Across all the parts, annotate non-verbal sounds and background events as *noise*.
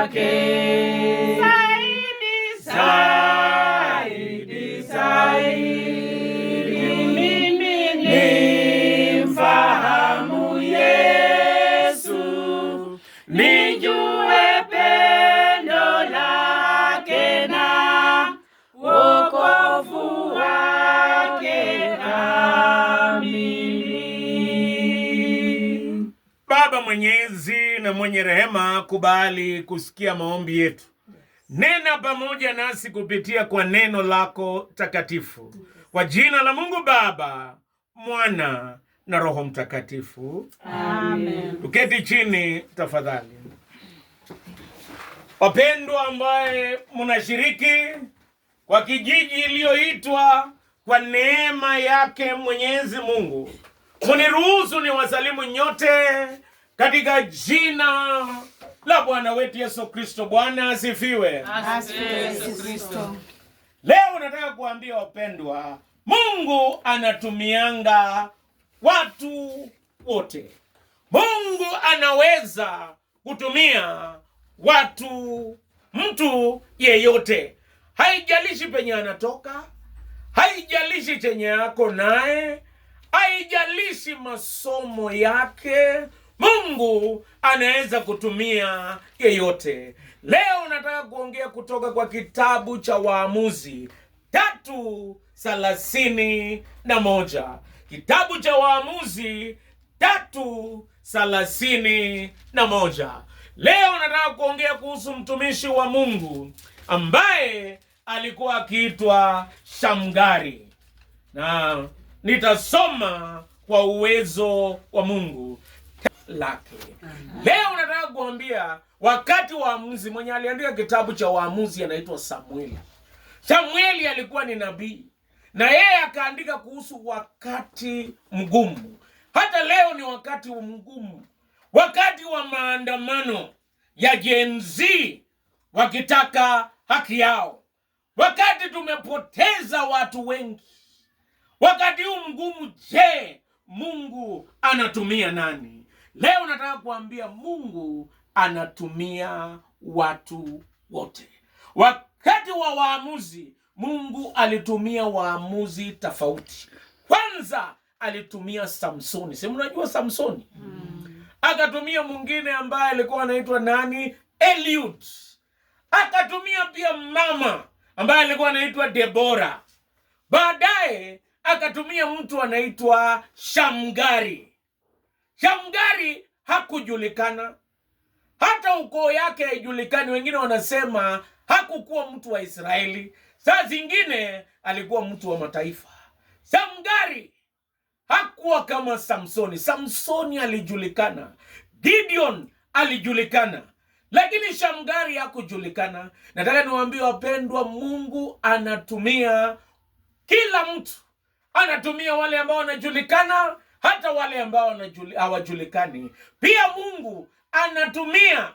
again. Baba mwenyezi na mwenye rehema, kubali kusikia maombi yetu, nena pamoja nasi kupitia kwa neno lako takatifu, kwa jina la Mungu Baba, Mwana na Roho Mtakatifu, amen. Tuketi chini tafadhali. Wapendwa ambaye mnashiriki kwa kijiji iliyoitwa kwa neema yake Mwenyezi Mungu, kuniruhusu ni wasalimu nyote katika jina la Bwana wetu Yesu Kristo. Bwana asifiwe. Leo nataka kuambia wapendwa, Mungu anatumianga watu wote. Mungu anaweza kutumia watu, mtu yeyote, haijalishi penye anatoka, haijalishi chenye yako naye, haijalishi masomo yake Mungu anaweza kutumia yeyote. Leo nataka kuongea kutoka kwa kitabu cha Waamuzi tatu thalathini na moja kitabu cha Waamuzi tatu thalathini na moja. Leo nataka kuongea kuhusu mtumishi wa Mungu ambaye alikuwa akiitwa Shamgari na nitasoma kwa uwezo wa Mungu lake. Leo nataka kuambia wakati waamuzi, mwenye aliandika kitabu cha Waamuzi anaitwa Samueli. Samueli alikuwa ni nabii na yeye akaandika kuhusu wakati mgumu. Hata leo ni wakati mgumu, wakati wa maandamano ya Gen Z wakitaka haki yao, wakati tumepoteza watu wengi. Wakati huu mgumu, je, Mungu anatumia nani? Leo nataka kuambia Mungu anatumia watu wote. Wakati wa waamuzi, Mungu alitumia waamuzi tofauti. Kwanza alitumia Samsoni, si mnajua Samsoni? hmm. Akatumia mwingine ambaye alikuwa anaitwa nani, Eliud. Akatumia pia mama ambaye alikuwa anaitwa Debora. Baadaye akatumia mtu anaitwa Shamgari Shamgari hakujulikana, hata ukoo yake haijulikani. Wengine wanasema hakukuwa mtu wa Israeli, saa zingine alikuwa mtu wa mataifa. Shamgari hakuwa kama Samsoni. Samsoni alijulikana, Gideon alijulikana, lakini Shamgari hakujulikana. Nataka niwaambie wapendwa, Mungu anatumia kila mtu, anatumia wale ambao wanajulikana hata wale ambao hawajulikani. Pia Mungu anatumia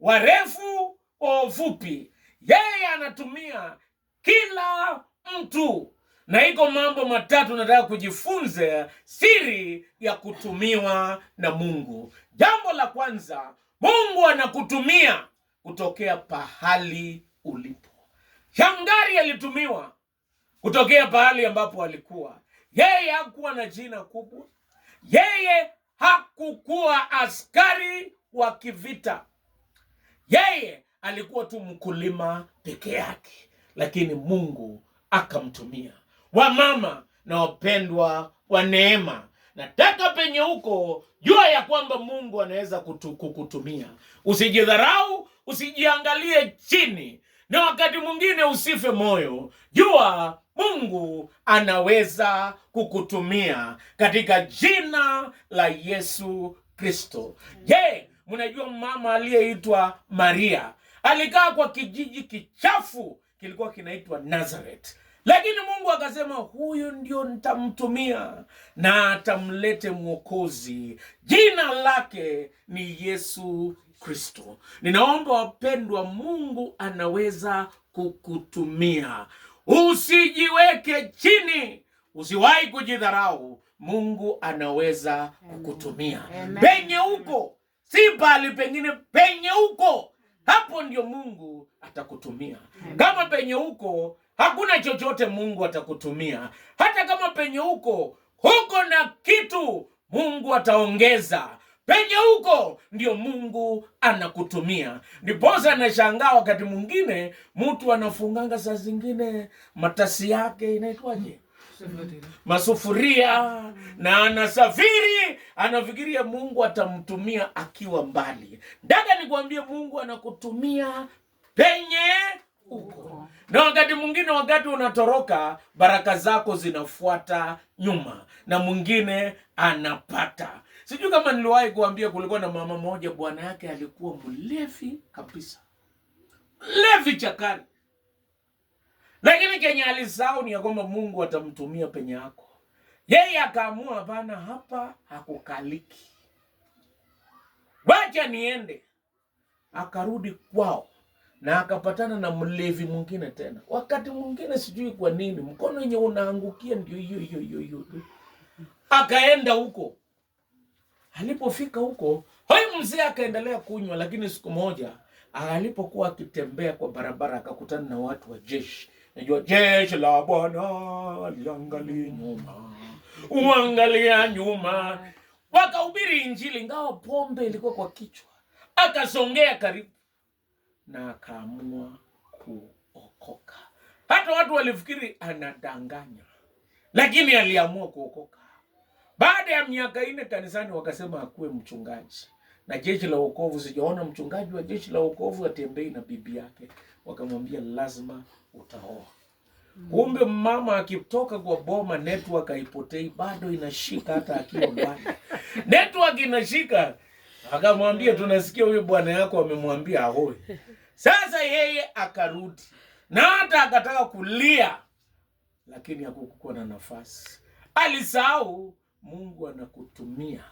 warefu wafupi, yeye anatumia kila mtu. Na iko mambo matatu nataka kujifunza siri ya kutumiwa na Mungu. Jambo la kwanza, Mungu anakutumia kutokea pahali ulipo. Shangari alitumiwa kutokea pahali ambapo alikuwa. Yeye hakuwa na jina kubwa, yeye hakukuwa askari wa kivita, yeye alikuwa tu mkulima peke yake, lakini Mungu akamtumia. Wamama na wapendwa wa neema, nataka penye huko jua ya kwamba Mungu anaweza kukutumia. Usijidharau, usijiangalie chini na wakati mwingine usife moyo, jua Mungu anaweza kukutumia katika jina la Yesu Kristo. Je, mnajua mama aliyeitwa Maria alikaa kwa kijiji kichafu kilikuwa kinaitwa Nazareth, lakini Mungu akasema huyu ndio nitamtumia na atamlete mwokozi, jina lake ni Yesu Kristo. Ninaomba wapendwa, Mungu anaweza kukutumia. Usijiweke chini, usiwahi kujidharau. Mungu anaweza kukutumia penye huko, si pahali pengine, penye huko, hapo ndio Mungu atakutumia. Kama penye huko hakuna chochote, Mungu atakutumia. Hata kama penye huko huko na kitu, Mungu ataongeza penye huko ndio Mungu anakutumia. Ndiposa anashangaa wakati mwingine mtu anafunganga saa zingine matasi yake inaitwaje, masufuria na anasafiri, anafikiria Mungu atamtumia akiwa mbali. Dada, nikwambie Mungu anakutumia penye huko na wakati mwingine, wakati unatoroka, baraka zako zinafuata nyuma na mwingine anapata Sijui kama niliwahi kuambia, kulikuwa na mama moja, bwana yake alikuwa mlevi kabisa, mlevi chakari, lakini kenye alisahau ni ya kwamba Mungu atamtumia penye yako. Yeye akaamua hapana, hapa hakukaliki, wacha niende. Akarudi kwao na akapatana na mlevi mwingine tena. Wakati mwingine sijui kwa nini mkono wenye unaangukia ndio hiyo hiyo hiyo hiyo, akaenda huko Alipofika huko, hoi, mzee akaendelea kunywa, lakini siku moja alipokuwa akitembea kwa barabara akakutana na watu wa jeshi. Najua jeshi la Bwana liangalie nyuma, uangalia nyuma. Wakahubiri Injili, ingawa pombe ilikuwa kwa kichwa. Akasongea karibu na akaamua kuokoka. Hata watu walifikiri anadanganya, lakini aliamua kuokoka. Baada ya miaka nne kanisani wakasema akuwe mchungaji, na jeshi la wokovu, sijaona mchungaji wa jeshi la wokovu atembei na bibi yake. Wakamwambia lazima utaoa. Kumbe mama akitoka kwa boma, network haipotei bado, inashika hata akiwa ndani *laughs* network inashika. Akamwambia, tunasikia huyo bwana yako amemwambia ahoe. Sasa yeye akarudi na hata akataka kulia, lakini hakukuwa na nafasi, alisahau Mungu anakutumia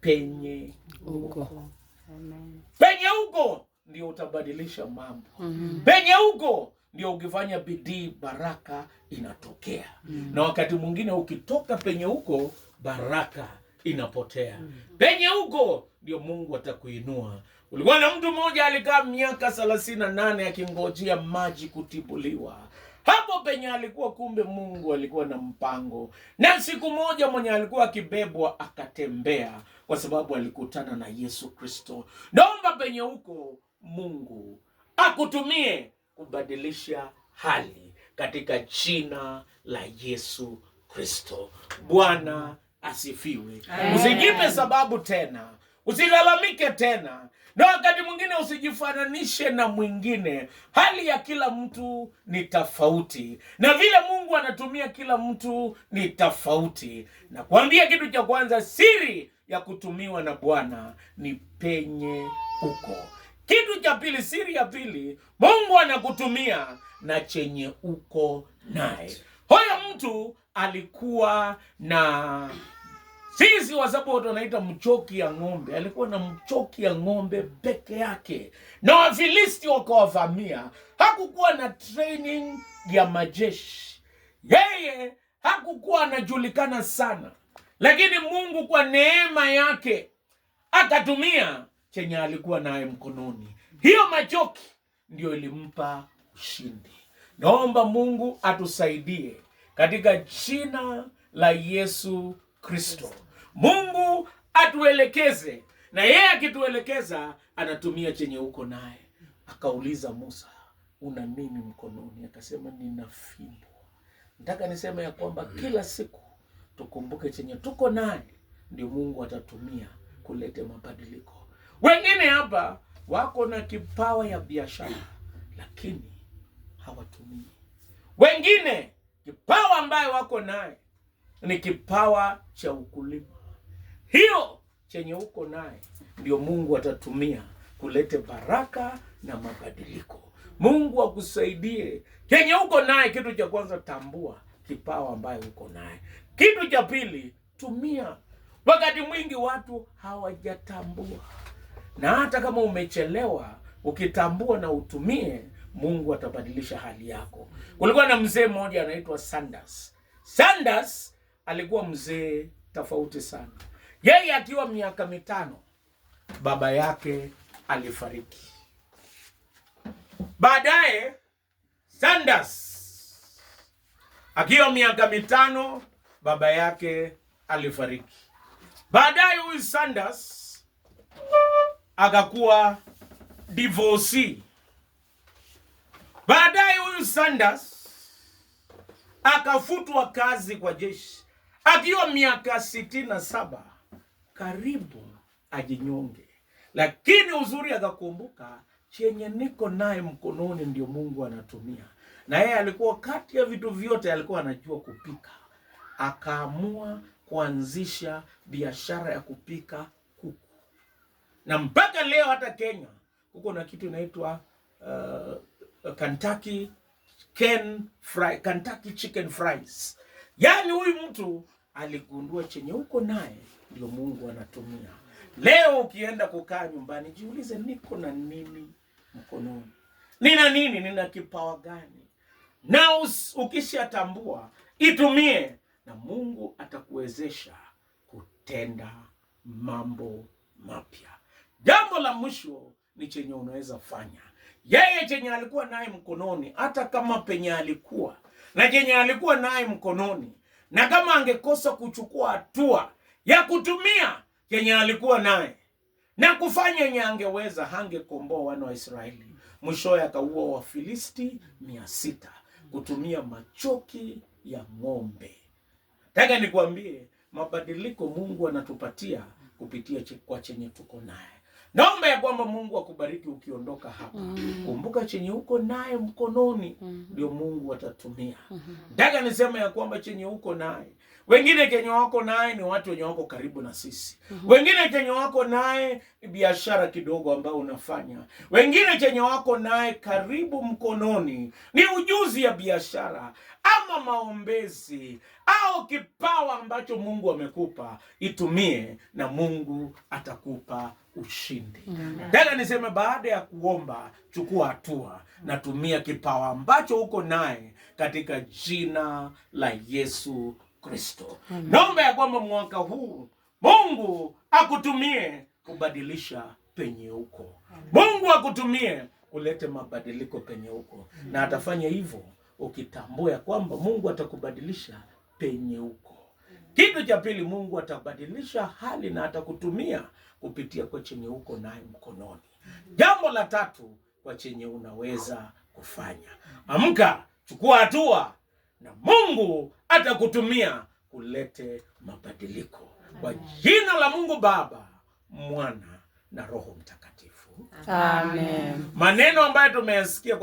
penye uko, Amen. Penye uko ndio utabadilisha mambo mm -hmm. Penye uko ndio ukifanya bidii baraka inatokea mm -hmm. Na wakati mwingine ukitoka penye uko baraka inapotea mm -hmm. Penye uko ndio Mungu atakuinua. Ulikuwa na mtu mmoja alikaa miaka thelathini na nane akingojea maji kutibuliwa hapo penye alikuwa kumbe, Mungu alikuwa na mpango. Na siku moja mwenye alikuwa akibebwa akatembea, kwa sababu alikutana na Yesu Kristo. Naomba penye huko Mungu akutumie kubadilisha hali katika jina la Yesu Kristo. Bwana asifiwe. Usijipe sababu tena Usilalamike tena, na wakati mwingine usijifananishe na mwingine. Hali ya kila mtu ni tofauti, na vile Mungu anatumia kila mtu ni tofauti. Na kuambia kitu cha kwanza, siri ya kutumiwa na Bwana ni penye uko. Kitu cha pili, siri ya pili, Mungu anakutumia na chenye uko naye. Huyo mtu alikuwa na sisi watu wanaita mchoki ya ng'ombe. Alikuwa na mchoki ya ng'ombe peke yake, na Wafilisti wakawavamia. Hakukuwa na training ya majeshi, yeye hakukuwa anajulikana sana, lakini Mungu kwa neema yake akatumia chenye alikuwa naye mkononi. Hiyo machoki ndiyo ilimpa ushindi. Naomba Mungu atusaidie katika jina la Yesu Kristo. Mungu atuelekeze, na yeye akituelekeza anatumia chenye uko naye. Akauliza Musa, una nini mkononi? Akasema nina fimbo. Nataka niseme ya kwamba kila siku tukumbuke chenye tuko naye, ndio Mungu atatumia kulete mabadiliko. Wengine hapa wako na kipawa ya biashara, lakini hawatumii. Wengine kipawa ambayo wako naye ni kipawa cha ukulima hiyo chenye uko naye ndio Mungu atatumia kulete baraka na mabadiliko. Mungu akusaidie chenye uko naye. Kitu cha kwanza, tambua kipawa ambayo uko naye. Kitu cha pili, tumia. Wakati mwingi watu hawajatambua, na hata kama umechelewa, ukitambua na utumie, Mungu atabadilisha hali yako. Kulikuwa na mzee mmoja anaitwa Sanders. Sanders alikuwa mzee tofauti sana. Yeye akiwa miaka mitano baba yake alifariki. Baadaye Sanders akiwa miaka mitano baba yake alifariki. Baadaye huyu Sanders akakuwa divos Baadaye huyu Sanders akafutwa kazi kwa jeshi akiwa miaka sitini na saba karibu ajinyonge, lakini uzuri akakumbuka chenye niko naye mkononi, ndio Mungu anatumia. Na yeye alikuwa kati ya vitu vyote alikuwa anajua kupika, akaamua kuanzisha biashara ya kupika kuku, na mpaka leo hata Kenya kuko na kitu inaitwa uh, Kentucky Ken fry, Kentucky chicken fries. Yaani huyu mtu aligundua chenye uko naye ndio Mungu anatumia. Leo ukienda kukaa nyumbani, jiulize, niko na nini mkononi? Nina nini? Nina kipawa gani? Na ukishatambua itumie, na Mungu atakuwezesha kutenda mambo mapya. Jambo la mwisho ni chenye unaweza fanya yeye, chenye alikuwa naye mkononi, hata kama penye alikuwa na chenye alikuwa naye mkononi, na kama angekosa kuchukua hatua ya kutumia yenye alikuwa naye na kufanya yenye angeweza, hangekomboa wana wa Israeli. mwishoye akaua Wafilisti mia sita kutumia machoki ya ng'ombe. Nataka nikuambie mabadiliko Mungu anatupatia kupitia kwa chenye tuko naye. Naomba ya kwamba Mungu akubariki ukiondoka hapa. Mm. Kumbuka chenye uko naye mkononi mm-hmm. ndio mm. Mungu atatumia. Mm-hmm. Nataka mm -hmm. Nisema ya kwamba chenye uko naye. Wengine chenye wako naye ni watu wenye wako karibu na sisi. Mm -hmm. Wengine chenye wako naye ni biashara kidogo ambayo unafanya. Wengine chenye wako naye karibu mkononi ni ujuzi ya biashara ama maombezi au kipawa ambacho Mungu amekupa, itumie na Mungu atakupa ushindi. Tena niseme baada ya kuomba, chukua hatua na tumia kipawa ambacho uko naye katika jina la Yesu Kristo. Naomba ya kwamba mwaka huu Mungu akutumie kubadilisha penye uko. Mungu akutumie kulete mabadiliko penye uko, na atafanya hivyo ukitambua ya kwamba Mungu atakubadilisha penye uko. Kitu cha pili, Mungu atabadilisha hali na atakutumia kupitia kwa chenye uko naye mkononi. Jambo la tatu, kwa chenye unaweza kufanya, amka, chukua hatua na Mungu atakutumia kulete mabadiliko kwa jina la Mungu Baba, Mwana na Roho Mtakatifu. Amen. Maneno ambayo tumeyasikia